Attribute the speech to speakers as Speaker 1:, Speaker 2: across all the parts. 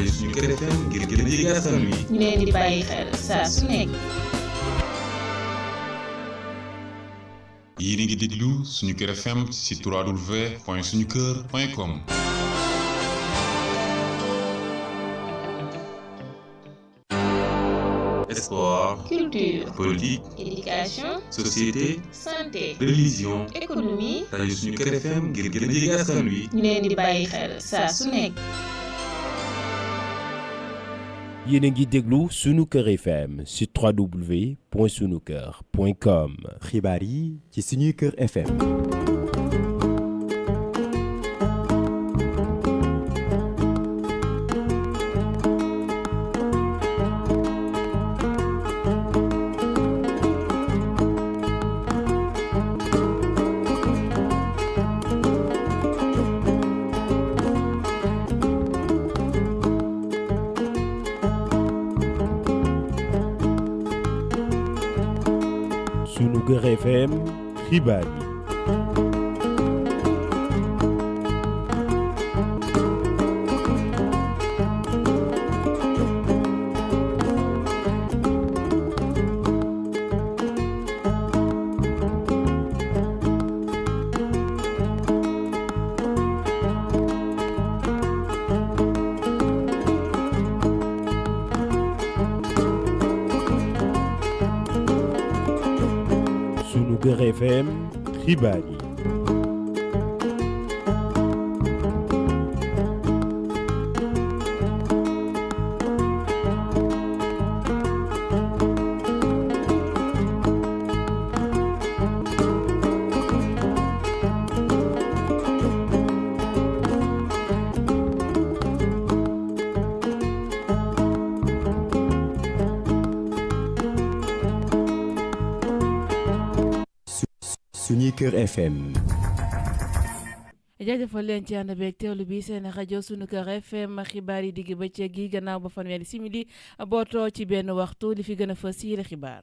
Speaker 1: rajo suñu Kër FM ngir gën a jege askan wi.
Speaker 2: ñu leen di bàyyi xel saa su nekk.
Speaker 1: yéen a ngi déglu suñu Kër FM ci www.suñuker.com. sport, culture, politique,
Speaker 2: éducation, société, santé, religion, économie.
Speaker 1: rajo suñu Kër FM ngir gën a jege askan wi.
Speaker 2: ñu leen di bàyyi xel saa su nekk
Speaker 3: yéen ngi sunu cœur FM ci www.sunuker.com. xibaar yi ci sunu cœur FM. Nous kër FM Hibari.
Speaker 4: FM.
Speaker 5: jaajëfal leen ci ànd beeg teewlu bi seen rajo sunu kër FM xibaar yi digg bëccëg gi gannaaw ba fanweeri simili bootoo ci benn waxtu li fi gën a fës yi xibaar.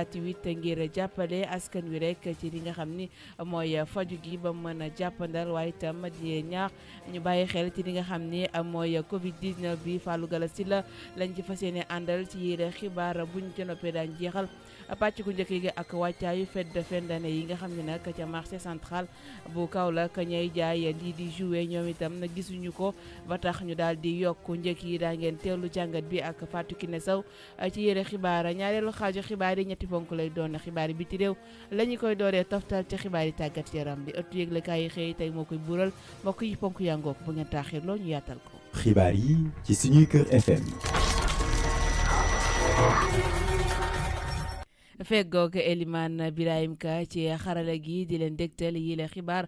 Speaker 5: gratuite ngir jàppale askan wi rek ci li nga xam ni mooy faju gi ba mën a jàppandal waaye itam di ñaax ñu bàyyi xel ci li nga xam ni mooy Covid 19 bi Fallou si la lañ ci fas yéene àndal ci yére xibaar buñ ca noppee daan jeexal. pàcc ku njëkk gi ak wàccaayu fête de fin yi nga xam ne nag ca marché central bu Kaolack ñay jaay lii di jouer ñoom itam na gisuñu ko ba tax ñu daal di yokk njëkk yi daa ngeen teelu jàngat bi ak Fatou Kiné Sow ci yére xibaar ñaareelu xaaju xibaar yi ñetti ponk lay doon xibaar yi biti réew la ñu koy dooree toftal ci xibaar yi tàggat yaram bi ëttu yëglekaay yi xëy tey moo koy bural mbokk yi ponk yàngook bu ngeen taaxir loo ñu yaatal ko
Speaker 6: xibaar yi ci suñuy kër
Speaker 5: feggoog Elimane Birahim Ka ci xarala gi di leen dégtal yi la xibaar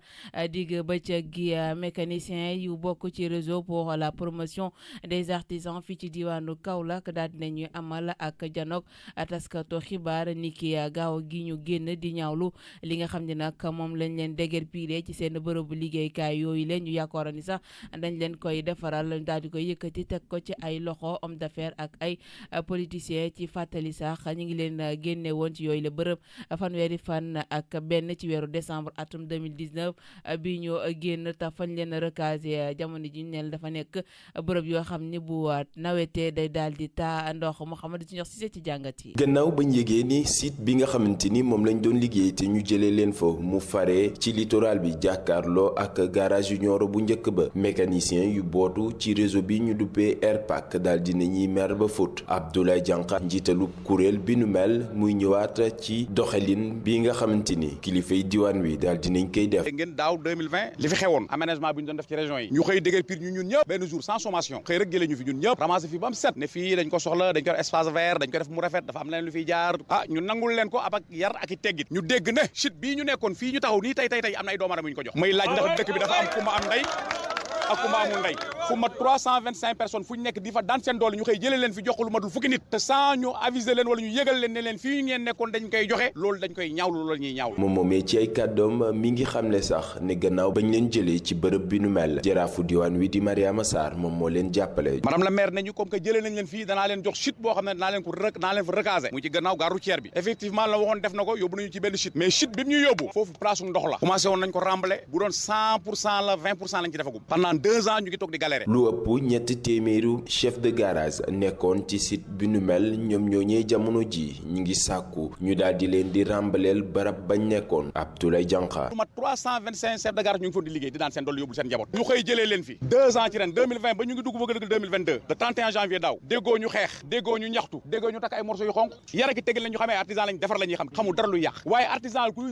Speaker 5: digg bëccëg gi euh, mécanicien yu bokk ci réseau pour la promotion des artisans fii ci diwaanu Kaolack daal nañu amal ak janoog taskatu xibaar niki euh, gaaw gi ñu génn di ñaawlu li nga xam ne nag moom lañ leen déger piiree ci seen bërëbu liggéeykaay yooyu leen ñu yàkkoora sax dañ leen koy defaral daal di koy yëkkati teg ko ci ay loxo homme d'affaires ak ay euh, politiciens ci fàttali sax ñu ngi leen génne woon ci yooyu la bërëb fanweeri fan ak benn ci weeru décembre atum 2019 eh, bi ñoo génn te fañ leen recasé eh, jamono ji ñu dafa nekk bërëb yoo xam ni bu eh, nawetee day daal di taa ndox mu Mouhamadou Sinior Cissé ci jàngat yi. gannaaw
Speaker 3: bañ yëgee ni siit bi nga xamante ni moom lañ doon liggéey te ñu jëlee leen fa mu fare ci littoral bi jàkkaarloo ak garage yu Nioro bu njëkk ba mécanicien yu bootu ci réseau bi ñu duppee Airpac daal dina ñuy mer ba fóot Abdoulaye Diankha njiitalu kuréel bi nu ñëwaat ci doxalin bi nga xamante ni kilifay diwaan wi daal dinañ koy def.
Speaker 1: ngeen daaw 2020 li fi xewoon aménagement bi ñu doon def ci région yi ñu xëy dëgër pire ñu ñëpp benn jour sans sommation xëy rek gëlee ñu fi ñun ñëpp ramasser fi ba set ne fii dañ ko soxla dañ ko espace vert dañ ko def mu rafet dafa am leneen lu fiy jaar ah ñu nangul leen ko ab ak yar ak i teggit ñu dégg ne chute bii ñu nekkoon fii ñu taxaw nii tey tey am na ay doomaram ko jox may laaj ndax dëkk bi dafa fu mat 325 personnes fu ñu nekk di fa daan seen doole ñu xey jëlé len fi jox ko lu matul fukki nit te sans ñu aviser len wala ñu yégal len ne leen fii ngeen nekkoon dañ koy joxé loolu dañ koy ñaawlu loolu ñi ñaawlu
Speaker 3: mom momé ci ay kaddom mi ngi xamné sax né gannaaw bañ leen jëlé ci bërëb bi nu mel jaraafu diwaan wi di Mariama Sarr moom moo leen jappalé madame la maire
Speaker 1: ne ñu comme que jëlé nañ leen fi dana leen jox chute bo xamné dana leen ko rek dana leen fa recaser mu ci gannaaw garu tier bi effectivement la waxon def nako ko yóbbu nañu ci benn chute mais chute bi ñu yóbbu fofu place ndox la commencé won nañ ko remblé bu doon 100 la 20 lañ ci defagum pendant 2 ans ñu ngi tok di accéléré.
Speaker 3: lu ëpp ñetti téeméeru chef de garage nekkoon ci site bi ñoom ñoo jamono ji ñu ngi sàkku ñu daal leen di ràmbaleel barab bañ nekkoon Abdoulaye Diankha.
Speaker 1: lu mat ñu ngi foog di liggéey di daan seen doole yóbbul seen njaboot. ñu xëy jëlee leen fi. ba ñu ngi dugg bëgg dëgg 2022. le 31 janvier daaw. déggoo ñu xeex. déggoo ñu ñaxtu. déggoo ñu takk ay morceaux yu xonq. yara ki tegil la ñu xamee artisan lañ defar la xam xamul dara lu yàq waaye artisan ku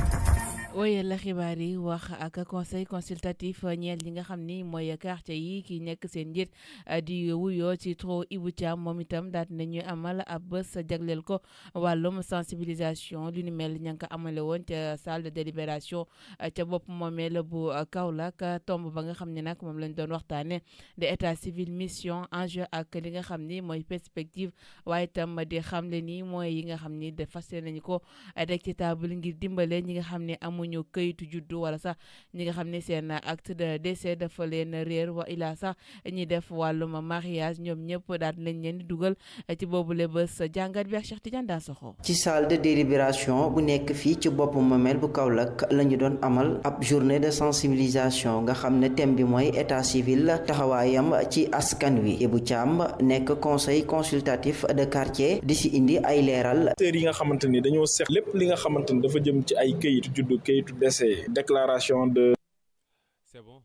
Speaker 5: wooye la xibaar yi wax ak conseil consultatif ñeel li nga xam ni mooy quartier yi ki nekk seen njiit eh, di wuyoo ci trop Ibou Thiam moom itam daal nañu amal ab bés jagleel ko wàllum sensibilisation li nu mel ña nga ko amale woon ca salle de délibération eh, ca bopp moomeel bu Kaolack tomb ba nga xam ne nag moom lañ doon waxtaane de état civil mission enjeu ak li nga xam ni mooy perspective waaye tam di xamle ni mooy yi nga xam ni fas nañu ko rek eh, ci table ngir dimbale amuñu kayitu juddu wala sax ñi nga xam ne seen acte de décès dafa leen réer wa ilaa sax ñi def wàllum mariage ñoom ñëpp daal nañ leen di dugal ci boobule bés jàngat bi ak Cheikh Tidiane daa soxo
Speaker 6: ci salle de délibération bu nekk fii ci boppu Mamel bu Kaolack la ñu doon amal ab journée de sensibilisation nga xam ne thème bi mooy état civil taxawaayam ci askan wi bu Thiam nekk conseil consultatif de quartier di si indi ay leeral. acteurs
Speaker 3: yi nga xamante kayitu décès déclaration de. C'est bon.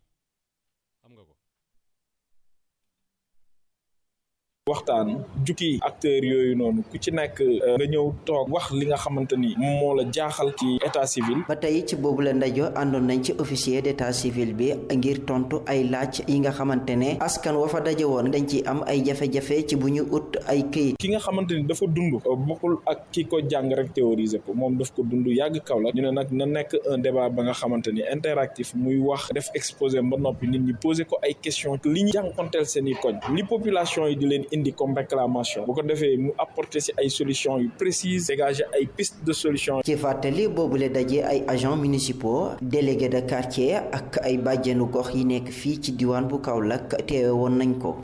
Speaker 3: waxtaan jukki acteurs yooyu noonu ku ci nekk
Speaker 6: euh, nga ñëw toog wax li nga xamante ni moo la jaaxal ci état civil ba tey ci boobu la ndaje àndoon nañ ci officier d' état civil bi ngir tontu ay laaj yi nga xamante ne askan wa fa daje woon dañ ci am ay jafe-jafe ci bu ñu ut ay këyit ki nga xamante ni dafa dund euh,
Speaker 3: bokkul ak ki ko jàng rek théoriser ko moom daf ko dund yàgg kaw la ñu ne nag na nekk un débat ba nga xamante ni interactif muy wax def exposé ba noppi nit ñi poser ko ay question li ñu jànkonteel
Speaker 7: seen indi comme Vous bu ko defee mu apporter si ay solutions
Speaker 6: yu précises dégager ay pistes de solution ci fàttali boobule dajee ay agents municipaux délégués de quartier ak ay bàjjenu gox yi nekk fii ci diwaan bu Kaolack teewe nañ ko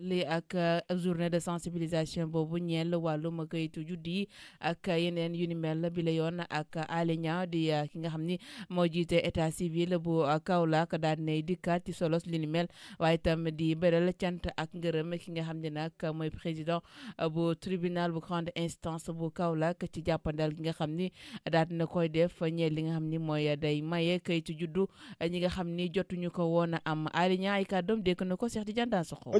Speaker 5: lii ak euh, journée de sensibilisation boobu ñeel wàllum kayitu yi ak yeneen yu la mel bi la yoon ak Alenia di euh, ki nga xam ni moo jiite état civil bu Kaolack daal di dikkaat ci solos li ni waaye itam di beral cant ak ngërëm ki nga xam ne nag mooy président euh, bu tribunal bu grande instance bu Kaolack ci jàppandal gi nga xam ni daal na koy def ñeel li nga xam ni mooy day maye kayitu juddu ñi nga xam ni jotuñu ko woon am Alenia ay kàddoom na ko Cheikh Tidiane Dansokho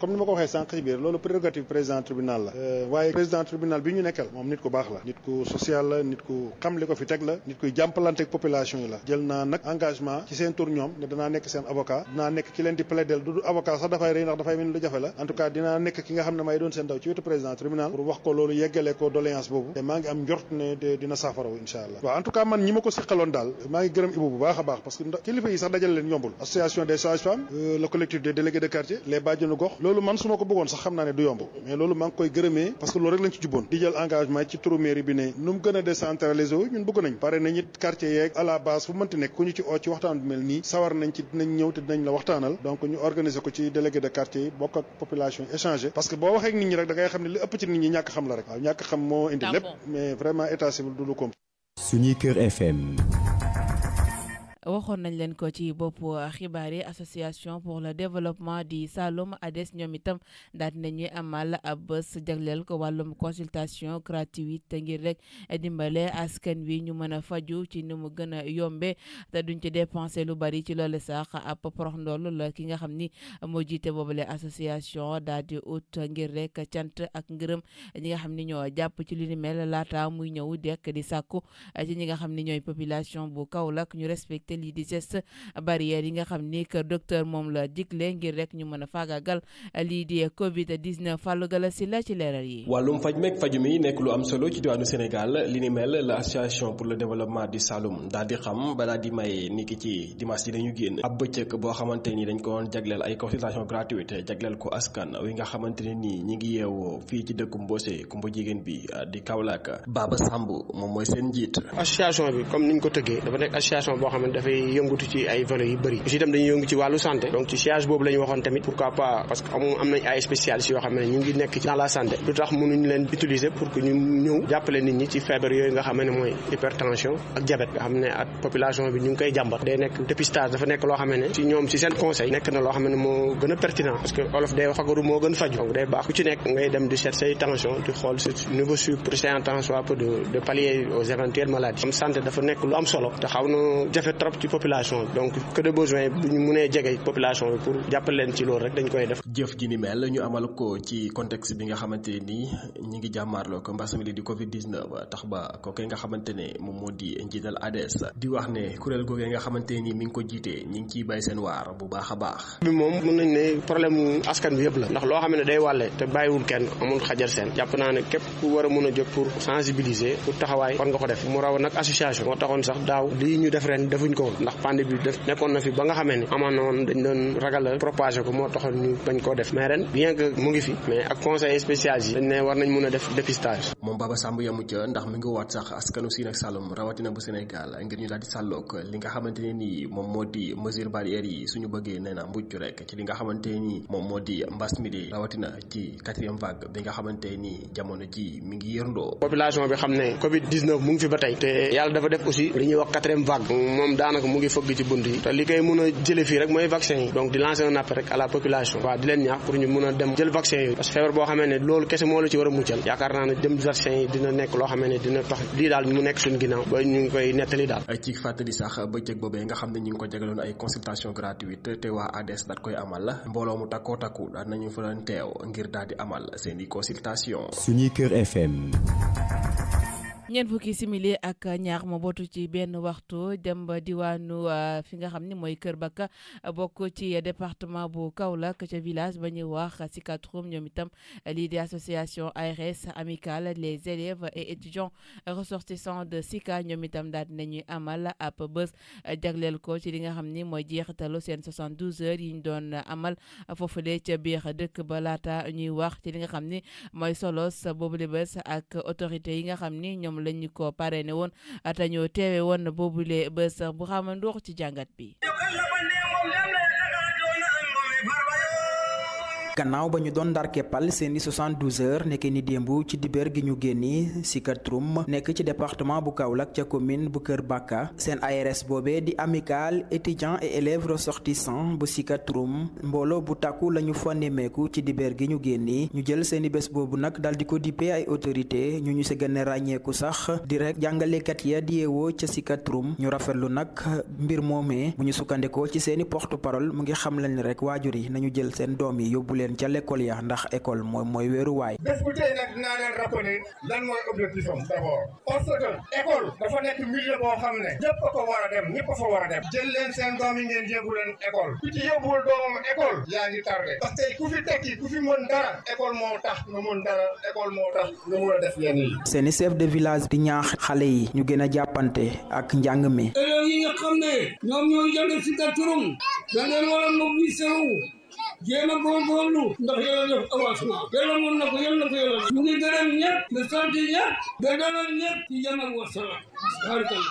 Speaker 8: comme ni ma ko waxee sànq ci biir loolu président tribunal la euh, waaye président tribunal bi ñu nekkal moom nit ku baax la nit ku social la nit ku xam li ko fi teg la nit du avocat sax dafay rëy ndax dafay mel lu jafe la en tout cas man ñi ma ko siqaloon daal maa ngi gërëm ibu bu baax a baax parce que kilifa yi sax dajal leen yombul association des sages-femmes euh, le collectif des délégués de quartier les bàjjenu gox lolu man su ko bëggoon sax xam naa ne du yomb mais lolu maa ngi koy gërëmee parce que loolu rek lañ ci jubboon di jël engagement ci turu mairie bi ne nu mu gën a décentralisé wu ñun bëgg nañ pare nañ it quartier yeeg à la base fu mënti nekk ku ñu ci oo ci waxtaan bu mel nii sawar nañ ci dinañ ñëw te dinañ la waxtaanal donc ñu organiser ko ci délégué de quartier yi bokk ak population échanger parce que boo waxee ak nit ñi rek da ngay xam ne li ëpp ci nit ñi ñàkk xam la rek waaw ñàkk xam moo indi lépp mais vraiment état civil du lu koom
Speaker 4: suñuy kër FM
Speaker 5: waxoon nañ leen ko ci bopp euh, xibaar yi association pour le développement du Saloum ADES ñoom itam daal di nañuy amal ab bés jagleel ko wàllum consultation gratuite ngir rek dimbale askan wi ñu mën a faju ci ni mu gën a yombe te duñ ci dépenser lu bari ci loolu sax ab porox ndool la ki nga xam ni moo jiite boobule association daal di ut ngir rek cant ak ngërëm ñi nga xam ni ñoo jàpp ci li mel laata muy ñëw dekk di sàkku ci ñi nga xam ni ñooy population bu Kaolack lii di geste barrière yi nga xam ni que docteur moom la digle ngir rek ñu mën a faagaagal lii di Covid 19 fàllu gala si la ci leeral yi.
Speaker 7: wàllum faj meeg faju mi nekk lu am solo ci diwaanu Sénégal li ni mel la association pour le développement du Saloum daal di xam ba di may niki ci dimanche yi dañu génn ab bëccëg boo xamante ni dañ ko doon jagleel ay consultation gratuite jagleel ko askan wi nga xamante ne nii ñi ngi yeewoo fii ci dëkku Mbose kumba jigéen bi ah, di Kaolack Baba Samb moom mooy seen njiit.
Speaker 4: association bi dafay yëngatu ci ay valeur yu bëri aussi tam dañuy yëngu ci wàllu santé donc ci siège boobu la ñu waxoon tamit pourquoi pas parce que amu am nañ ay spécialistes yoo xam ne ñu ngi nekk dans la santé lu tax mënuñ leen utiliser pour que ñu ñëw jàppale nit ñi ci feebar yooyu nga xam ne mooy hypertension ak diabète nga xam ne ak population bi ñu ngi koy jàmbat day nekk dépistage dafa nekk loo xam ne ci ñoom ci seen conseil nekk na loo xam ne moo gën a pertinent parce que olof day fagaru moo gën faju donc day baax ku ci nekk ngay dem di seet say tension di xool sa niveau sucre say en soit peu de pallier aux éventuelles maladies am santé dafa nekk lu am solo te xaw na jafe trop trop ci population bi donc que de besoin bu ñu mënee jege population bi pour jàppal leen ci loolu rek dañ koy def jëf ji ni mel ñu amal ko ci contexte bi nga xamante ñi
Speaker 7: ngi jàmmaarloo ko mbas mi di covid 19 tax ba kookee nga xamante ne moom moo di njiital ADS di wax ne kuréel googee nga xamante ni mi ngi ko jiite ñi ngi ciy bàyyi seen waar bu baax a baax
Speaker 4: bi moom mën nañ ne problème askan bi yëpp la ndax loo xam day wàlle te bàyyiwul kenn amul xajar seen jàpp naa ne képp ku war a mën a jóg pour sensibiliser pour taxawaay war nga ko def mu raw nag association moo taxoon sax daaw lii ñu def ren defuñ ko ndax pandé bi def nekkoon na fi ba nga xamee ni amoon na woon dañ doon ragal a ko moo taxoon ñu bañ koo def mais ren bien que mu ngi fi mais ak conseil spécial yi dañ ne war nañ mun a def dépistage
Speaker 7: moom baba samb yamu ca ndax mi ngi waat sax askanu siin ak sàllum rawatina bu sénégal ngir ñu daal di sàlloog li nga xamante ne nii moom moo di mesure barrière yi suñu bëggee nee na mbujj rek ci li nga xamante ne nii moom moo di mbas mi di rawatina ci quatrième vague bi nga xamante ne jamono ji mi ngi yërndoo
Speaker 4: population bi xam ne covid 19 mu ngi fi ba tey te yàlla dafa def aussi li ñuy wax quatrième vague moom daa daanaka mu ngi fëgg ci bunt yi te li koy mën a jële fii rek mooy vaccin yi donc di lancer un rek à la population waaw di leen ñaax pour ñu mën a dem jël vaccin yooyu parce que feebar boo xamee ne loolu kese moo la ci war a muccal yaakaar naa yi dina nekk loo xamee ne dina tax lii mu nekk suñu ginnaaw ba ñu ngi koy nettali daal ci fàttali sax bëccëg boobee nga xam ne ñu ngi ko jagaloon ay consultation gratuite te waa ADS daat
Speaker 7: koy amal la mbooloo mu takkoo takku daal nañu fa doon ngir daal di seen i consultation
Speaker 4: suñuy Kër FM
Speaker 5: ñen fukki simili ak ñaar moo bootu ci benn waxtu dem ba diwanu euh, fi nga xamni moy Kër Baka bok ci département bu Kaolack ci village ba ñuy wax Sikatrum ñoom itam lii association ARS amicale les élèves et étudiants ressortissants de Sika ñoom itam daal nañu amal ap bés jagleel ko ci li nga xamni moy mooy sen 72 heures yi ñu don amal foofule ci biir dëkk ba lata ñuy wax ci li nga xamni moy solos bobu boobule bés ak autorité yi nga xamni ñom moom lañu ko parrainé woon te ñoo teewe woon boobule bés bu xam ndox ci jàngat bi
Speaker 6: gannaaw ba ñu doon ndar keppal seen i 72 heures nekk ni démb ci dibéer gi ñu génni Sicap Rome nekk ci département bu Kaolack ca commune bu Kër Bàkka seen ARS boobee di amicale étudiants et élèves ressortissants bu Sicap Rome mbooloo bu tàkku la ñu fa ci dibeer gi ñu génni ñu jël seen i bés boobu nag daal di ko dippee ay autorité ñu ñu si gën ràññeeku sax di rek jàngalekat ya di yeewoo ca Sicap Rome ñu rafetlu nag mbir moomee bu ñu sukkandikoo ci seeni porte ca l'école ya ndax école mooy mooy wéeruwaay.
Speaker 9: bu tey
Speaker 4: nekk milieu boo xam ne ñëpp a ko war a dem doomam école yaa ngi tardé parce ku fi tekki ku fi mën dara école moo tax nga mën dara école moo
Speaker 9: tax
Speaker 6: nga mën def yenn seeni chef de village di ñaax xale yi ñu gën a jàppante ak njàng mi.
Speaker 9: élèves yi ñoom ñooy jàng si kàtturum da ngeen war a mobiliser jéem a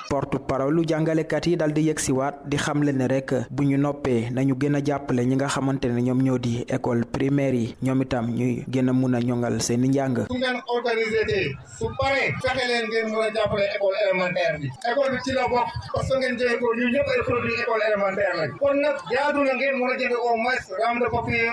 Speaker 6: porte parole lu jàngalekat yi daal di yegg si di xamle ne rek bu ñu noppee nañu gën a jàppale ñi nga xamante ne ñoom ñoo di école primaire yi ñoom itam ñuy gën a mun a ñongal seeni njàng.
Speaker 4: su paree fexe leen ngeen mën a jàppale école école élémentaire lañ kon nag jaadu na ngeen mën a jëfe au moins copier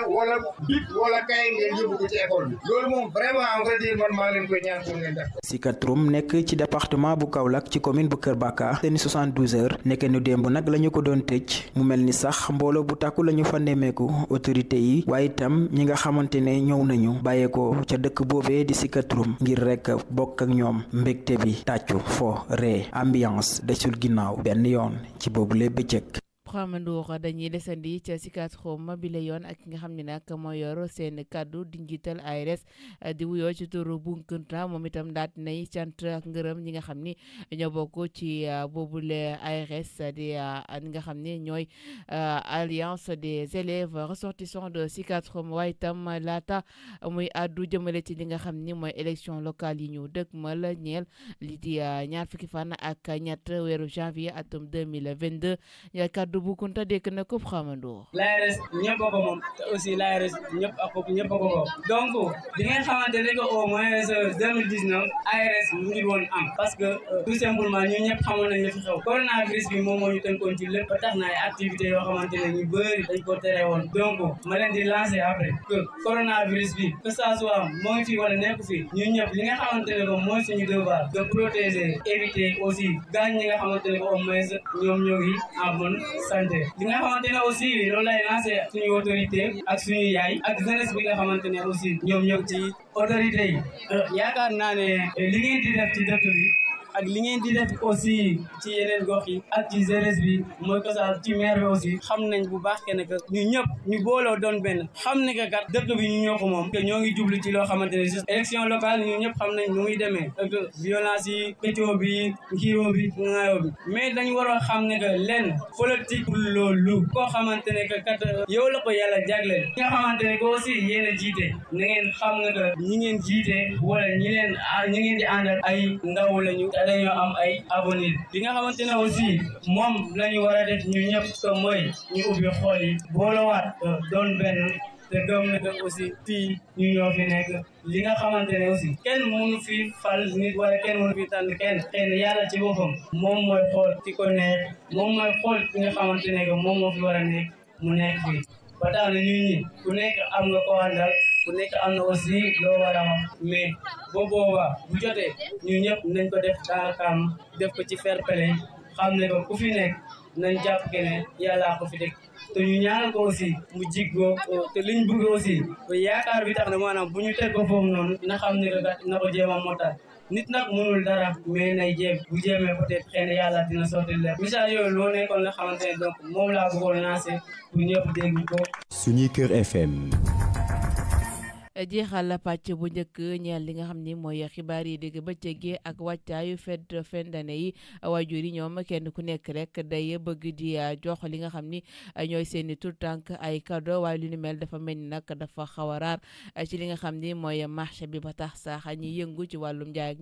Speaker 6: ci école nekk ci département bu Kaolack ci commune bu Kër bakka seeni 72 heures nekk nu démb nag lañu ko doon tëj mu mel ni sax mbooloo bu tàkku lañu fa nemmeeku autorité yi waaye itam ñi nga xamante ne ñëw nañu bàyyeekoo ca dëkk boobee di Sicap ngir rek bokk ak ñoom mbégte bi tàccu fo ree ambiance desul ginnaaw benn yoon ci boobule bëccëg.
Speaker 5: Pramandor dañuy desandi ca Sicap Rome bi la yoon ak ki nga xam ne nag moo yor seen kàddu di njiital ARS eh, di wuyoo ci turu Bounkounta moom itam daal nay cant ak ngërëm ñi nga xam ni ñoo bokk ci eh, boobule ARS di eh, ñi nga xam ne ñooy alliance des élèves ressortissants de Sicap Rome waaye itam laata muy àddu jëmale ci li nga xam ni mooy élection locale yi ñu dëgmal ñeel li di ñaar fukki fan ak ñett weeru janvier atum 2022 du Boukounta dégg na ko xamandoo.
Speaker 9: Lairesse ñëpp a ko moom te aussi Lairesse ñëpp a ko ñëpp a ko moom donc di a xamante ne que au moins 2019 euh, ARS mu ngi woon am parce que euh, tout simplement ñun ñëpp xamoon nañ la fi bi moom moo ñu tënkoon ci lépp ba tax na ay activités yoo di lancer après que coronavirus bi que ça soit wala nekk fi ñun ñëpp li nga xamante ne que mooy éviter aussi gaañ ñi nga xamante ne que au santé li nga xamante ne aussi loolu lay lancé suñuy autorité ak suñu yaay ak jeunesse bi nga xamante ne aussi ñoom ñoo ci autorité yi euh, yaakaar naa ne euh, li ngeen ak li ngeen di def aussi ci yeneen gox yi ak ci jeunesse bi mooy Kosaar ci maire bi aussi xam nañ bu baax que ne que ñu ñëpp ñu booloo doon benn xam ne que kat dëkk bi ñu ñoo ko moom que ñoo ngi jublu ci loo xamante ne juste élection ñu ñëpp xam nañ nu muy demee ak bi ngiiroo bi bi mais dañ war a xam ne que lenn politique lu koo xamante ne que kat euh, yow la ko yàlla jagleel nga xamante ne que aussi yéen jiite na ngeen xam ne que ñi ngeen jiite wala ñi ñu ah, ñi ñu di àndal ay ndaw lañu dañoo am ay avenir li nga aussi moom la ñu war a def ñu ñëpp que mooy ñu ubbi xool yi boolowaat doon benn te gëm na que aussi fii ñu ñoo fi nekk li nga xamante ne aussi kenn mënu fi fal nit wala kenn mënu fi tànn kenn kenn yàlla ci boppam moom mooy xool ci ko neex moom mooy xool ki xamante ne moom moo fi war a nekk mu nekk fii ba tax na ñun ñi nekk am na aussi loo war a wax mais bu boobaa bu jotee ñun ñëpp nañ ko def daakaam def ko ci fair play xam ne ko ku fi nekk nañ jàpp ke ne yàllaa ko fi dëkk te ñu ñaanal ko aussi mu jiggoo te liñ bëgg aussi yaakaar bi tax na maanaam bu ñu teg ko foofu noonu na xam ne ko na ko jéem a motal nit nag mënul dara mais nay jéem bu jéemee peut-être xëy na yàlla dina sotti leer message yooyu loo nekkoon la xamante ne donc moom laa bëggoon lancer pour ñëpp dégg ko.
Speaker 4: Sunuker FM.
Speaker 5: jeexal pàcc bu njëkk ñeel li nga xam ni mooy xibaar yi dégg bëccëg gi ak wàccaayu fête fin d'année yi waajur yi ñoom kenn ku nekk rek day bëgg di ah, jox li nga xam ni ah, ñooy seen i tur tànk ay cadeau ni mel dafa mel ni nag dafa xaw a raar ah, ci li nga xam ni mooy marché bi ba tax sax ñi yëngu ci wàllum jaay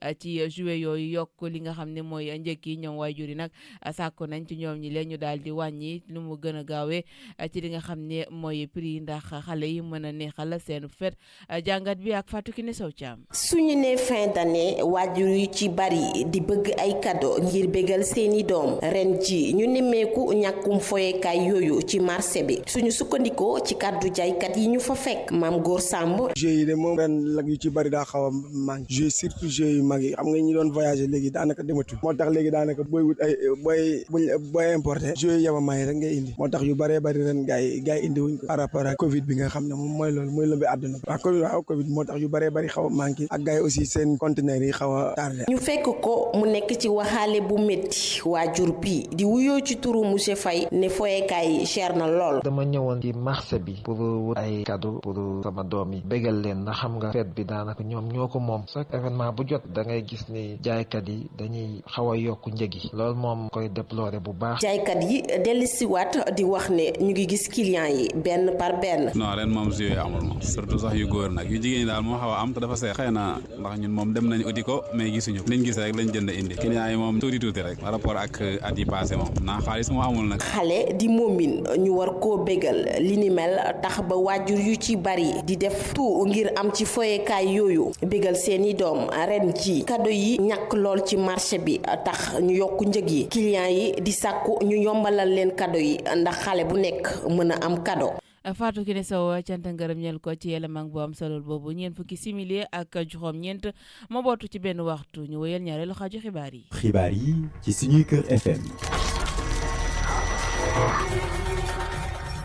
Speaker 5: ak ci jouet yooyu yokk li nga xam ne mooy njëkk yi ñoom waajur yi nag sàkku nañ ci ñoom ñi leen ñu daal di wàññi lu mu gën a gaawee ci li nga xam ne mooy prix ndax xale yi mën a neexal fenub fet eh, jàngat bi ak Fatou Kiné Sow Thiam
Speaker 10: suñu ne fin d'année waajur yu ci bari di bëgg ay cadeau ngir bégal seeni doom ren ji ñu nemmeeku ñàkkum foyekaay yooyu ci marché bi suñu sukkandikoo ci kàddu jaaykat yi ñu fa fekk maam góor sàmb
Speaker 4: jeux yi de moom ren lag yu ci bari daa xaw a manque jeux surtout jeux yu mag yi xam nga ñu doon voyager léegi daanaka dematu moo tax léegi daanaka booy wut ay booy booy importé jeux yu yaba may rek ngay indi moo tax yu baree bari àdduna bi waaw covid waaw moo tax yu bëree bari xaw a manqué ak gay yi aussi seen conteneur yi xaw a tardé ñu
Speaker 10: fekk ko mu nekk ci waxaale bu métti waajur bi di wuyoo ci turu monsieur Faye ne foyekaay cher na lool dama ñëwoon
Speaker 7: ci marché bi pour wut ay cadeau pour sama doom yi bégal leen na xam nga fête bi daanaka ñoom ñoo ko moom chaque événement bu jot dangay ngay gis ni jaaykat yi dañuy xaw a yokk njëg yi loolu moom koy déploré bu baax
Speaker 10: jaaykat yi dellu siwaat di wax ne ñu ngi gis client yi benn par benn
Speaker 1: non surtout sax yu góor nag yu jigéen ñi daal moo xaw a am te dafa seer xëy na ndax ñun moom dem nañ uti ko mais gisuñu liñ gis rek lañ jënd indi client yi moom tuuti tuuti rek par rapport ak at yi passé moom naa xaalis moo amul nag
Speaker 10: xale di moomin ñu war koo bégal li ni mel tax ba waajur yu ci bari di def tout ngir am ci foyekaay yooyu bégal seeni doom ren ci kado yi ñàkk lool ci marché bi tax ñu yokk njëg yi client yi di sàkku ñu yombalal leen kado yi ndax xale bu nekk mën a am kado
Speaker 5: Fatou Kiné Sow cant ngërëm ñel ko ci élément bu am solo boobu ñeent fukki simili ak juróom-ñeent moo bootu ci benn waxtu ñu wéyal ñaareelu xaaju xibaar yi.
Speaker 6: xibaar yi ci suñuy kër FM.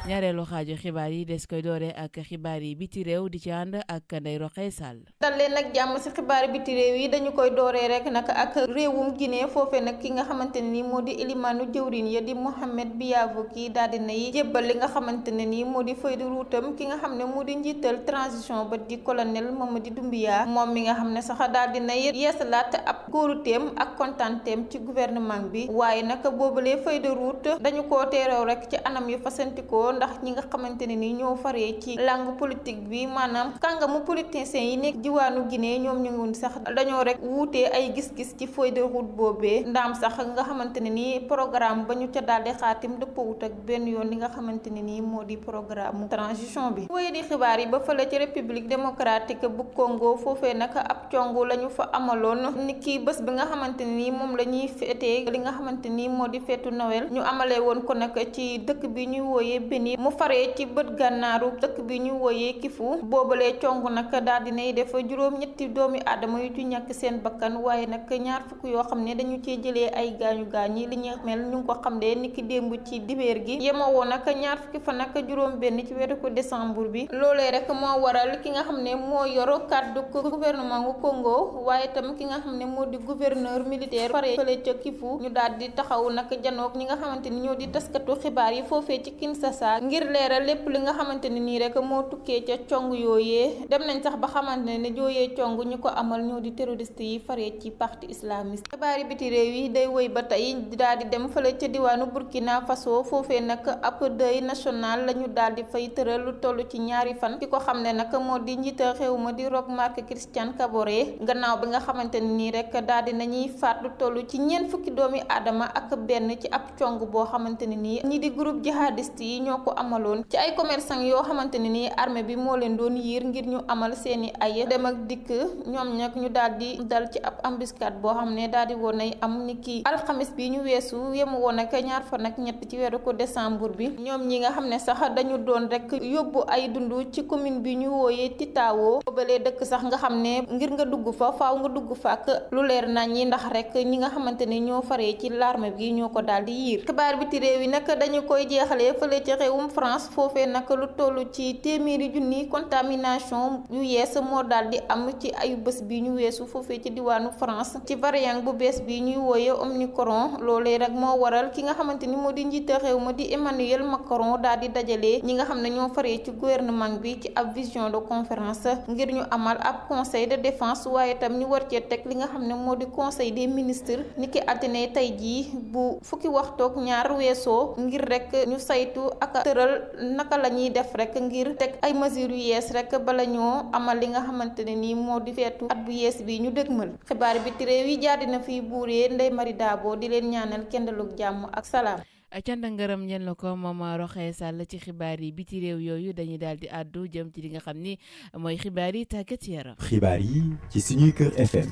Speaker 5: ñaareelu xaaju xibaar yi des koy doore ak xibaar yi biti réew di ci ànd ak Ndeye Roqe Sall
Speaker 2: dal leen nag jàmm si xibaar biti réew yi dañu koy dooree rek nag ak réewum Guinée foofee nag ki nga xamante ni nii moo di ilimaanu jëwriñ ya di Mohamed Biavo kii daal nay jébbal li nga xamante ne nii moo di feuille de route am ki nga xam ne moo di njiital transition ba di colonel Mamadi Doumbouya moom mi nga xam ne sax daal di nay yeesalaat ab kóoruteem ak kontaanteem ci gouvernement bi waaye nag boobalee feuille de route dañu koo teeroo rek ndax ñi nga xamante ne ni ñoo faree ci langue politique bi maanaam kàngamu politiciens yi nekk diwaanu Guinée ñoom ñu ngi woon sax dañoo rek wuutee ay gis-gis ci feuille de route boobe ndaam sax nga xamante ne ni programme ba ñu ca daal di xaatim dëppawut ak benn yoon li nga xamante ne nii moo di programme transition bi. wéy di xibaar yi ba fële ci république démocratique bu Congo foofee nag ab congo la ñu fa amaloon ni kii bés bi nga xamante ne nii moom la ñuy féetee li nga xamante ni moo di feetu Noël ñu amalee woon ko nag ci dëkk bi ñuy wooyee benn nii mu faree ci bët gànnaaru tëkk bi ñu woyee kifu boobalee cong nag daal nay def juróom-ñetti doomi aadama yu ci ñàkk seen bakkan waaye nag ñaar fukk yoo xam ne dañu cee jëlee ay gaañu gaañi li ñu mel ñu ngi ko xamlee niki démb ci dibéer gi yemoo woon nag ñaar fukki fan nag juróom benn ci wetu ko décembre bi loolee rek moo waral ki nga xam ne moo yoro kàddu gouvernement gu kongo waaye tam ki nga xam ne moo di gouverneur militaire faree fële ca kifu ñu daal di taxaw nag janoog ñi nga xamante ni ñoo di taskatu xibaar yi Dakar ngir leeral lépp li nga xamante ne nii rek moo tukkee ca cong yooyee dem nañ sax ba xamante ne ne jooyee cong ñu ko amal ñoo di terroriste yi faree ci parti islamiste xibaari biti réew yi day woy ba tey daal di dem fële ca diwaanu Burkina Faso foofe nag ab deuil national la ñu daal di fay tëral lu toll ci ñaari fan ki ko xam ne nag moo di njiita xew ma di Roch Marc Christian Kaboré gannaaw bi nga xamante ne nii rek daal di nañuy faat lu toll ci ñeent fukki doomi aadama ak benn ci ab cong boo xamante ne nii ñi di groupe jihadiste yi ñoo ko amaloon ci ay commerçant yoo xamanteni ni armée bi mo len doon yir ngir ñu amal seeni ay dem ak dik ñom ñak ñu daal di dal ci ab embuscade bo xamne ne daal di woon ay am ni kii alxamis bi ñu wessu yemu woon ak ñaar fa nak ñet ci wéru ko décembre bi ñom ñi nga xamne sax dañu doon rek yobbu ay dundu ci commune bi ñu wooyee Titao boobalee dekk sax nga xamne ngir nga dugg fa faaw nga dugg fa ak lu leer na ñi ndax rek ñi nga xamanteni ne ñoo faree ci l'armée bi ñoo ko yir di bi ti réew yi dañu koy jéxalé fële ci réewum France fofé nak lu tollu ci téeméeri junni contamination yu yess mo daldi di am ci ayu bëss bi ñu weesu fofé ci diwanu France ci variant bu bëss bi ñuy woyé Omicron lolé rek mo waral ki nga xamanteni modi moo di réew di Emmanuel Macron daal di dajale ñi nga xam ño faré ci gouvernement bi ci ab vision de conférence ngir ñu amal ab conseil de défense waaye tam ñu war ci tek li nga xam modi di conseil des ministres niki altine tay ji bu fukki waxtoog ñaar weesoo ngir rek ñu saytu ak naka lañuy def rekk ngir teg ay mesures yu yees rekk bala ñoo amal li nga xamante ne nii moo di feetu at bu yees bi ñu dëgmal xibaar bi tiré wi jaadina fiy buuree Ndeye Marie Dabo di leen ñaanal
Speaker 5: kendalug jàmm ak salaam. canda ngërëm ñen la ko moom Roxee Sall ci xibaar yi biti réew yooyu dañuy daal di àddu jëm ci li nga xam ni mooy xibaar yi tàggat yaram. xibaar yi
Speaker 4: ci suñuy kër FM.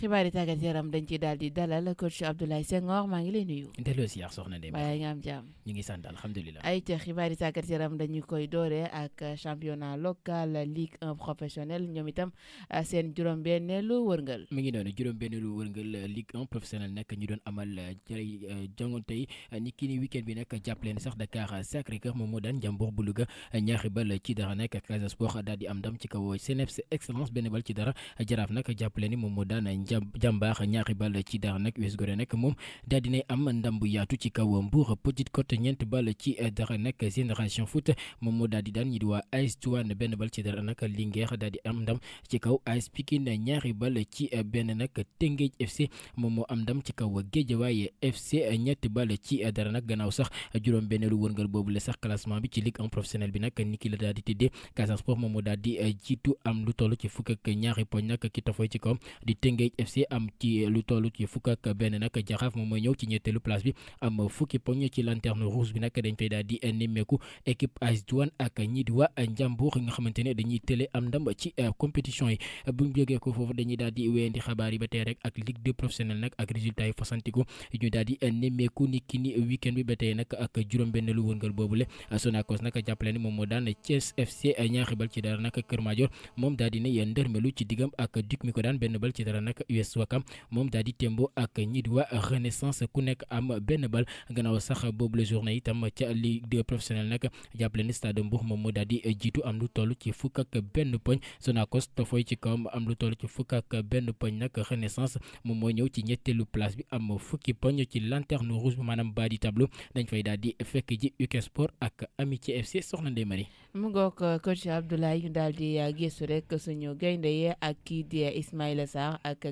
Speaker 5: xibaari yi tàggat yaram dañ ci daal di dalal coach Abdoulaye Senghor maa ngi lay nuyu.
Speaker 11: delloo siyaar soxna Ndeye Mbaye nga am jàmm. ñu ngi sant alhamdulilah.
Speaker 5: ay ca xibaari tàggat yaram dañu koy doore ak championnat local Ligue 1 professionnel ñoom itam ah, seen juróom-benneelu wërngal. mi ngi
Speaker 11: noonu juróom-benneelu wërngal Ligue 1 professionnel nag ñu doon amal ah, jërëjëf ah, jongante ni kii ni week-end bi nag jàpp leen sax Dakar Sacré-Cœur moom moo daan Ndiambour bu luga ñaari bal ci dara nag Casa Sport daal di am ndam ci kaw cnfc excellence benn bal ci dara jaraaf nak jàpp leen ni moom daan jàmbaax ñaari bal ci dara nag US Gorée nag moom daal dinay am ndam bu yaatu ci kaw Mbour Petite Côte ñeent bal ci dara di daan ñi di waa AS Douanes benn bal ci dara nag Linguère daal di am ndam ci kaw AS Pikine ñaari ci benn nag Teungueth FC moom moo am ci kaw Guédiawaye FC ñetti bal ci dara nag gannaaw sax juróom benneelu wërngal boobu la sax classement bi ci Ligue 1 professionnel bi nag niki la daal di tëddee moom moo daal di jiitu am lu toll ci fukk ak ñaari poñ nag ki ci kawam di Teungueth FC am ci lu toll ci fukk ak benn nag jaraaf moom mooy ñëw ci ñetteelu place bi am fukki poñ ci lanterne rouge bi nag dañ fay daal di nemmeeku équipe AS Douanes ak ñii di waa Ndiambour nga xamante ne dañuy télé euh, yi bu ñu jógee ko foofu dañuy daal di wéyandi xabaar yi ba tey rek ak ligue de professionnel nag ak résultat di euh, nemmeeku ni ki ni weekend bi ba tey nag ak juróom-benn lu wëngal boobule Sonacos nag jàppale ni moom moo daan Thiès FC ñaari bal ci dara nag Kër Madior moom daal di ne ndërmelu ci diggam ak Duc mi ko daan benn bal ci dara nag US Ouakam moom daal di témbo ak ñi di waa Renaissance ku nekk am benn bal gannaaw sax boobu la journée itam ca Ligue 2 professionnel nag jàppale ni Stade Mbour moom moo daal jiitu am lu toll ci fukk ak benn poñ Sonacos tofoy ci kawam am lu toll ci fukk ak benn poñ nag Renaissance moom moo ñëw ci ñetteelu place bi am fukki poñ ci lanterne rouge bi maanaam bas di tableau dañ fay daal fekk ji UK Sport ak Amitié FC soxna Ndeye Marie.
Speaker 5: mu ngoog euh, coach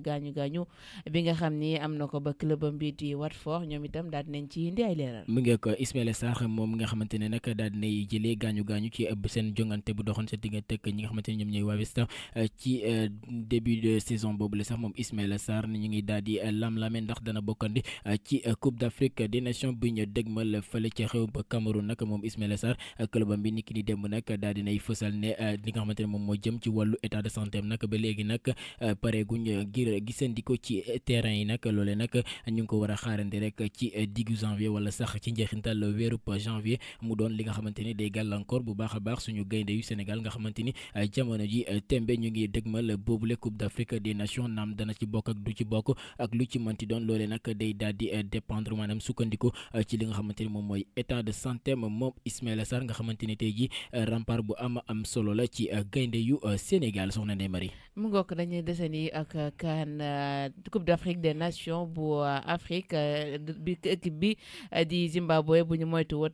Speaker 5: gaañu gaañu bi nga xam ni am na ko ba club am bi di Watford ñoom itam daal ne
Speaker 11: nag daal dinay jëlee gaañu gaañu ci seen jongante bu doxoon sa diggante ak ñi nga xamante ne ñoom ñooy waa West euh, ci euh, début de saison boobu la sax moom Ismaila Sarr ñu ngi daal di euh, lam-lame ndax dana bokkandi ci Coupe d'Afrique bi ñu dégmal fële ca xew ba Cameroun nag moom Ismaila Sarr club am bi ni ki di démb nag daal dinay fësal ne li nga xamante ne moom moo jëm ci wàllu état de santé am ba léegi nag pareeguñ ngir ngir gisandiko ci eh, terrain yi nag loole nag ñu ngi ko war a xaarandi rek ci eh, diggu janvier wala sax ci njeexintal weerub janvier mu doon li nga xamante ni day gàllankoor bu baax a baax suñu gaynde yu Sénégal nga xamante ni eh, jamono ji tembe ñu ngi dëgmal boobule Coupe d'Afrique des Nations naam dana ci bokk du ci bokk ak lu ci mënti doon loole nag day daal di dépendre maanaam sukkandiku ci li nga xamante ni moom mooy état de santé moom Ismaïla Sarr nga xamante ni tey jii rempart bu am am solo la ci gaynde yu Sénégal soxna Ndeye mari
Speaker 5: mu ngoog dañuy desandi ak Euh, coupe d'Afrique des nations pour euh, Afrique euh, équipe Zimbabwe moytu ko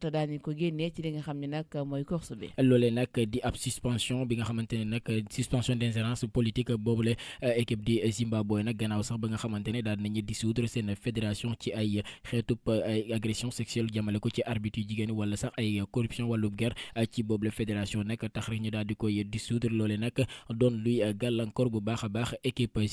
Speaker 11: ci suspension bi suspension politique pour équipe di Zimbabwe nag gannaaw sax ba nga dissoudre fédération ci ay agression sexuelle ko ci arbitre wala sax corruption wala guerre ci fédération nag tax rek di dissoudre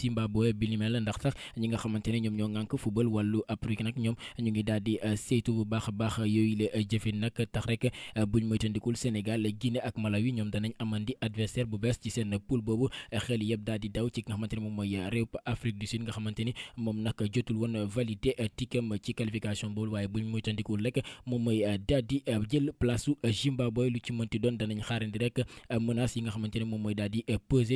Speaker 11: Zimbabwe. ba bi ni mel ndax sax ñi nga xamante ne ñoom ñoo ŋànk football wàllu Afrique nag ñoom ñu ngi daal di euh, saytu bu baax a baax yooyu la euh, jëfin nag tax rek euh, buñ moytandikul Sénégal Guinée ak Malawi ñoom danañ amandi adversaire bu bees ci seen poule boobu xel yëpp daal di daw ci nga xamante ne moom mooy réew Afrique du ni moom nag jotul woon validé tikam jël place su Zimbabwe lu ci mënti doon danañ xaarandi rek menace yi nga xamante moom mooy daal di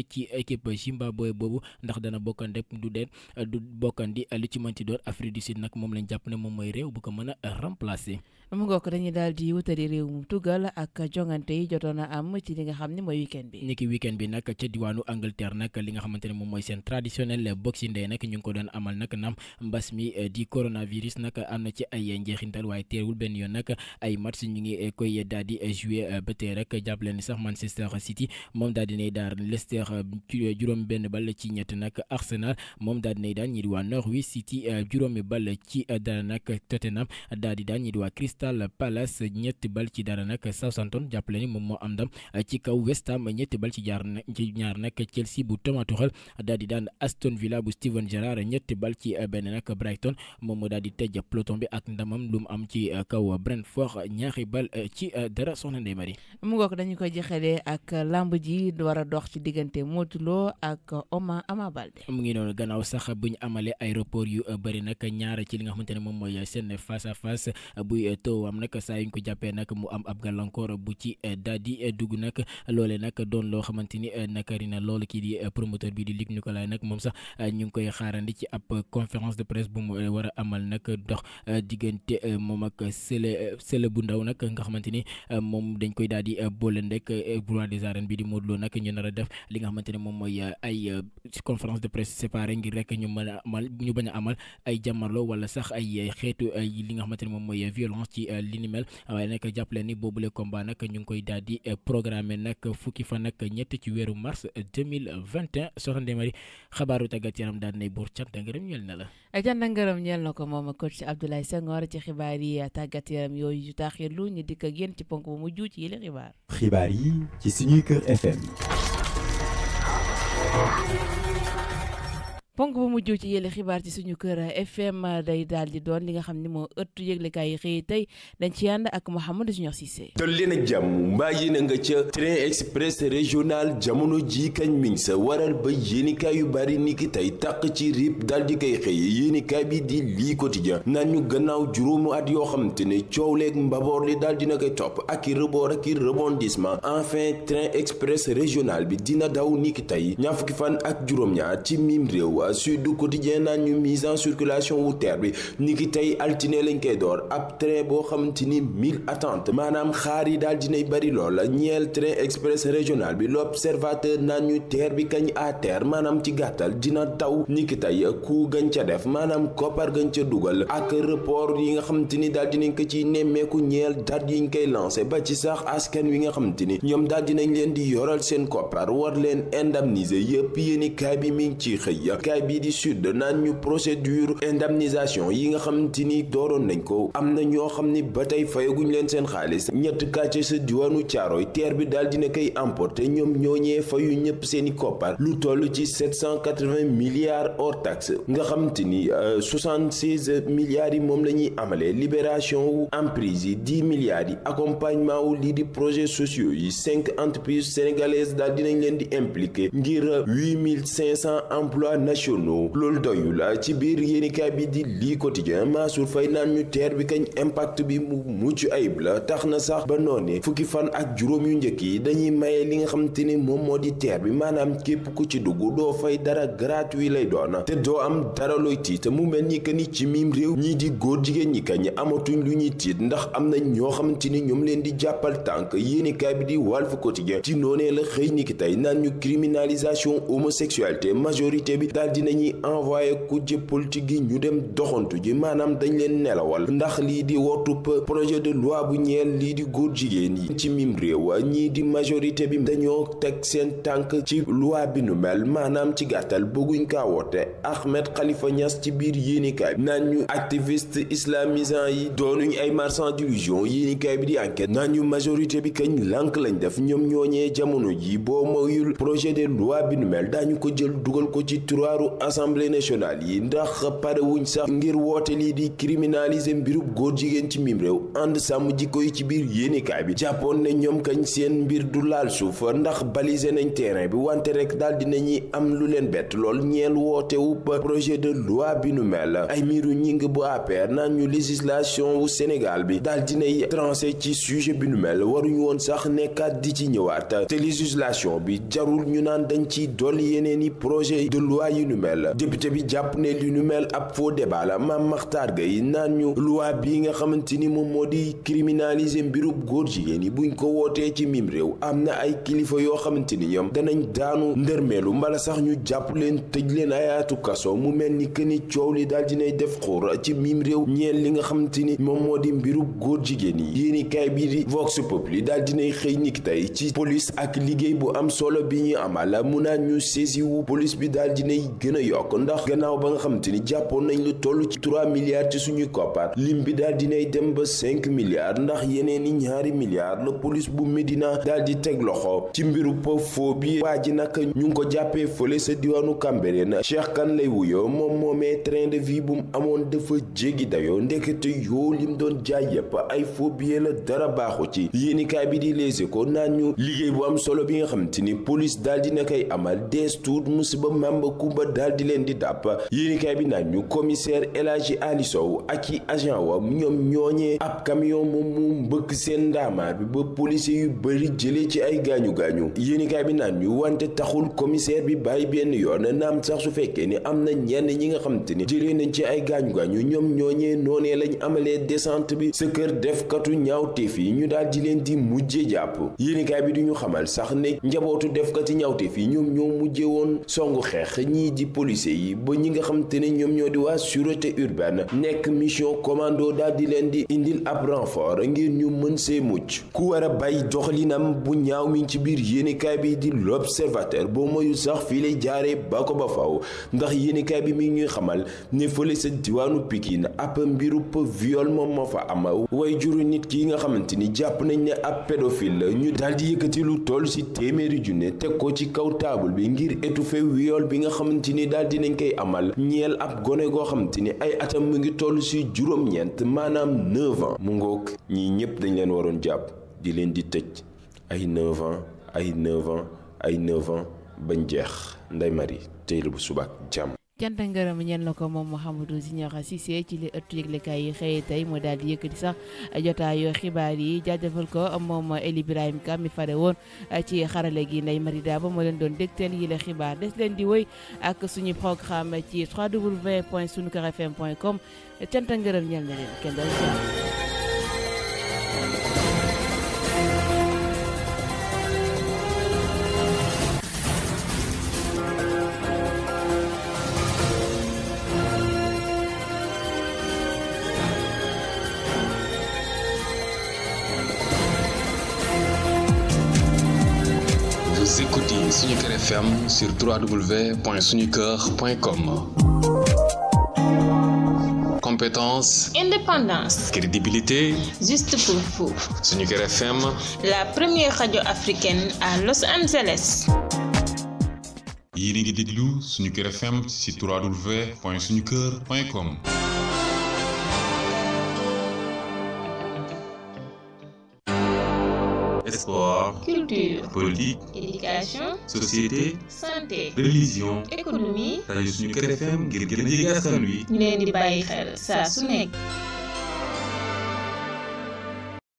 Speaker 11: ci équipe Zimbabwe boobu ndax dana bokkan rek du dee du bokkandi li ci mën ci doon Afrique du Sud nag moom lañ jàpp ne moom mooy réew bu ko mën a remplacé
Speaker 5: mu ngoog dañuy daal di wutali réewum tugal ak jongante yi jotoon a am ci li nga xam ne mooy weekend
Speaker 11: bi niki weekend bi nag ca diwaanu Angleterre nag li nga xamante ne moom mooy seen traditionnel Boxing Day nag ñu ngi ko doon amal nag naam mbas mi eh, di coronavirus nag am na ci ay njeexintal waaye teewul benn yoon nag ay match ñu ngi eh, koy daal di jouer eh, ba tey rek jàpp leen sax Manchester City moom daal di nay daal Leicester juróom benn bal ci ñett nag Arsenal moom daal di nay daal ñi di waa Norwich City juróomi bal ci dara nag Tottenham daal di daal ñi di waa Crystal Palace ñetti bal ci dara nag Southampton jàppale ni moom moo am ndam eh, ci kaw West Ham ñetti bal ci jaar ci ñaar nag Chelsea bu Thomas Tuchel daal di Aston Villa bu Steven Gerrard ñetti eh, bal ci eh, benn nag Brighton moom moo daal di tëj peloton bi ak ndamam lu am ci kaw Brentford ñaari bal ci dara soxna Ndeye Marie.
Speaker 5: mu ngoog dañu koy jeexalee ak lamb ji war a dox ci diggante Modou ak Oma Ama Balde.
Speaker 11: mu ngi noonu gannaaw sax bu ñu aéroport yu bëri nag ñaar ci li nga xamante ne moom mooy face à face to am nag saa ñu ko jàppee nag mu am ab gàllankoor bu ci eh, daal di eh, dugg nag loole nag doon loo xamante ni eh, nakari na lool kii di promoteur bi di ko laay nag moom sax ñu ngi koy xaarandi ci ab conférence de presse bu mu war a amal nag dox diggante moom ak sele sele bu ndaw nag nga xamante ni moom dañ koy daal di boole ndek roi bi di Modou Lo nag ñu nar a def li nga xamante ne moom mooy ay conférence de presse rek ñu mën a amal ñu bañ amal ay jàmmarloo wala sax ay xeetu li nga xamante ne moom mooy violence ci euh, li ni mel waaye nag jàpp leen ni boobule combat nag ñu ngi koy daal di euh, programmer fukki fan ak ñett ci weeru mars 2021 soxna Ndémari xabaaru tàggat yaram daal buur cant ngërëm ñeel na la.
Speaker 5: cant ngërëm ñeel na ko moom coach Abdoulaye Senghor ci xibaar yi euh, tàggat yaram yooyu yu taaxirlu ñu dikk ak yéen ci ponk bu mujj ci yële xibaar.
Speaker 6: xibaar yi ci suñuy kër FM.
Speaker 5: ponk bu mujj ci yële xibaar ci suñu kër FM euh, day daal di doon li nga xam ni moo ëttu yëglekaay yi xëy tey dañ ci ànd ak Mouhamadou Junior Cissé
Speaker 3: dal leen ak jàmm mbaa na nga ca train express régional jamono ji kañ miñ sa waral ba yéenikaay yu bari ni tey tàq ci rib daal di koy xëy yéenikaay bi di lii quotidien naan ñu gannaaw juróomu at yoo xam te ne coow leeg mbaboor li daal na koy topp ak i rebord ak i rebondissement enfin train express régional bi dina daw ni tey ñaar fukki fan ak juróom ci mim sur Sud Quotidien ñu mise en circulation wu terre, bi niki tay altiné altine lañ koy door ab train bo xamanteni 1000 mille attentes Manam xaar yi daal Niel, bari lool ñeel train express régional bi l'observateur n'a ñu TER bi kañ à terre Manam ci gàttal dina taw ni tay ku gañ ca def manam copar gañ ca ak report yi nga xamanteni ni daal dinañ ko ci ku ñeel date yiñ koy lancer ba ci sax askan wi nga xamanteni ñom ñoom dinañ leen di yoral seen copar war leen indemniser bi ci yéenekaay di sud naan ñu procédure indemnisation yi nga xamante ni dooroon nañ ko am na ñoo xam ni ba tey fayaguñ leen seen xaalis ñett kàcce sa diwaanu caaroy teer bi dal dina kay emporter ñom ñooñee fayu ñep seni koppar lu tollu ci 780 milliards hors taxe nga xamante 76 euh, milliards mom lañuy amalé libération ou emprise 10 milliards d'accompagnement accompagnement ou lii di projets sociaux yi cinq entreprises sénégalaises dal dinañ len di impliquer ngir 8500 emplois nationaux nationaux loolu la ah, ci biir yéenikaay bi di lii quotidien Mansour Faye naan ñu teer bi kañ impact bi mu mucc ayib la tax na sax ba noone fukki fan ak juróom yu njëkk yi dañuy maye li nga xamante ni moom moo di teer bi maanaam képp ku ci dugg doo fay dara gratuit lay doon te doo am dara looy tiit mu mel ni que ni ci miim réew ñii di góor jigéen ñi kañ amatuñ lu ñuy tiit ndax am na ñoo xamante ni ñoom leen di jàppal tànk yéenikaay bi di Walf Quotidien ci noonee la xëy niki tey naan ñu criminalisation homosexualité majorité dinañuy envoyé kujje politique yi ñu dem doxantu ji maanaam dañ leen nelawal ndax lii di wootub projet de loi bu ñeel lii di góor jigéen yi ci mim réew ñii di majorité bi dañoo teg seen tànk ci loi bi maanaam ci gàttal bëgguñ kaa woote Ahmed Khalifa Niass ci biir yéenikaay bi naan ñu activiste islamisant yi doonuñ ay marchands d'illusion yéenikaay bi di enquête naan ñu majorité bi kañ lank lañ def ñoom ñooñee jamono ji boo moyul projet de loi bi nu mel daañu ko jël dugal ko ci pouvoiru assemblée nationale yi ndax parewuñ sax ngir woote lii di criminaliser mbirub góor jigéen ci mim réew ànd sàmm jikko yi ci biir yéenikaay bi jàppoon ne ñoom kañ seen mbir du laal suuf ndax baliser nañ terrain bi wante rek daal dinañuy am lu leen bett lool ñeel woote wu projet de loi bi nu mel ay miiru ñing bu APR naan ñu législation wu Sénégal bi daal dinay tranché ci sujet bi nu mel waruñu woon sax nekkaat di ci ñëwaat te législation bi jarul nu mel député bi jàpp ne li nu mel ab faux débat la maam Makhtar Gueye naan ñu luwaa bi nga xamante ni moom moo di criminaliser mbirub góor jigéen yi buñ ko wootee ci mim réew am na ay kilifa yoo xamante ni ñoom danañ daanu ndërmeelu mbala sax ñu jàpp leen tëj leen ayaatu kaso mu mel ni këni coow li daal dinay def xóor ci miim réew ñeen li nga xamante ni moom moo di mbirub góor jigéen yi yéeni kaay bii di vox populi daal dinay xëy niki tey ci police ak liggéey bu am solo bi ñuy amal mu naan ñu saisi police bi daal dinay gën a yokk ndax gannaaw ba nga xamante ni jàppoon nañ lu toll ci 3 milliards ci suñuy koppar lim bi daal dinay dem ba 5 milliards ndax yeneen i ñaari milliards la police bu Médina daal di teg loxo ci mbiru foo bi waa ji nag ñu ngi ko jàppee fële sa diwaanu Cambérène Cheikh Kane lay wuyoo moom moomee train de vie bu mu amoon dafa jéggi dayoo ndekete yoo lim doon jaay yëpp ay faux billets la dara baaxu ci yéenikaay bi di Les ko naan ñu liggéey bu am solo bi nga xamante ni police daal dina koy amal dees ba daal di leen di dàpp yéenikaay bi naan ñu commissaire El Hadji Ali ak i agent wa ñoom ñooñee ab camion moom mu mbëkk seen ndaamaar bi ba policier yu bëri jëlee ci ay gaañu-gaañu yéenikaay bi naan ñu wante taxul commissaire bi bàyyi benn yoon naam sax su fekkee ni am na ñenn ñi nga xam te ni jëlee nañ ci ay gaañu-gaañu ñoom ñooñee noonee lañ amalee descente bi sa kër defkatu ñaawteef yi ñu daal di leen di mujje jàpp yéenikaay bi duñu xamal sax ne njabootu defkati ñaawteef yi ñoom ñoo mujje woon songu ji policier yi ba ñi nga xamante te ne ñoom ñoo di waa sûreté urbaine nekk mission commando daal di leen di indil ab renfort ngir ñu mën see mucc ku war a bàyyi doxalinam bu ñaaw mi ci biir yéenekaay bi di l'observateur boo moyu sax fii lay jaaree ba ko ba faw ndax yéenekaay bi mi ñuy xamal ne fële sa diwaanu Pikine ab mbirub viol moom moo fa am way juru nit ki nga xamante ni jàpp nañ ne ab pédophile la ñu daal di yëkkati lu toll ci téeméeri junne teg ko ci kaw taabul bi ngir ci ni daal dinañ koy amal ñeel ab gone goo xamante ni ay atam mu ngi toll si juróom-ñeent maanaam 9 mu ngoog ñii ñëpp dañ leen waroon jàpp di leen di tëj ay 9 ay 9 ay 9 bañ jeex nday mari tey la bu subaak jàmm
Speaker 5: cant ngërëm ñeen la ko moom Mouhamadou Signor si ci li ëttu yëglekaay yi xëye tey moo daal di yëkk yëkkati sax jotaayu xibaar yi jaajëfal ko moom El Ibrahim Ka mi fare woon eh, ci xarale gi Ndeye Marie Daba moo leen doon dégteel yi la xibaar des leen di woy ak suñu programme ci www.sunukerfm.com cant ngërëm ñeel na leen kenn
Speaker 7: FM sur www.sunuker.com. Compétence.
Speaker 2: Indépendance.
Speaker 7: Crédibilité.
Speaker 2: Juste pour vous.
Speaker 1: Sunuker FM.
Speaker 2: La première radio africaine à Los Angeles.
Speaker 1: yéen Sunuker FM sur www.sunuker.com. politique,
Speaker 2: éducation,
Speaker 1: société,
Speaker 2: santé,
Speaker 1: religion,
Speaker 2: économie.
Speaker 1: Radio suñu Kër FM ngir gën a jege
Speaker 8: askan wi.
Speaker 9: ñu leen di bàyyi xel su nekk.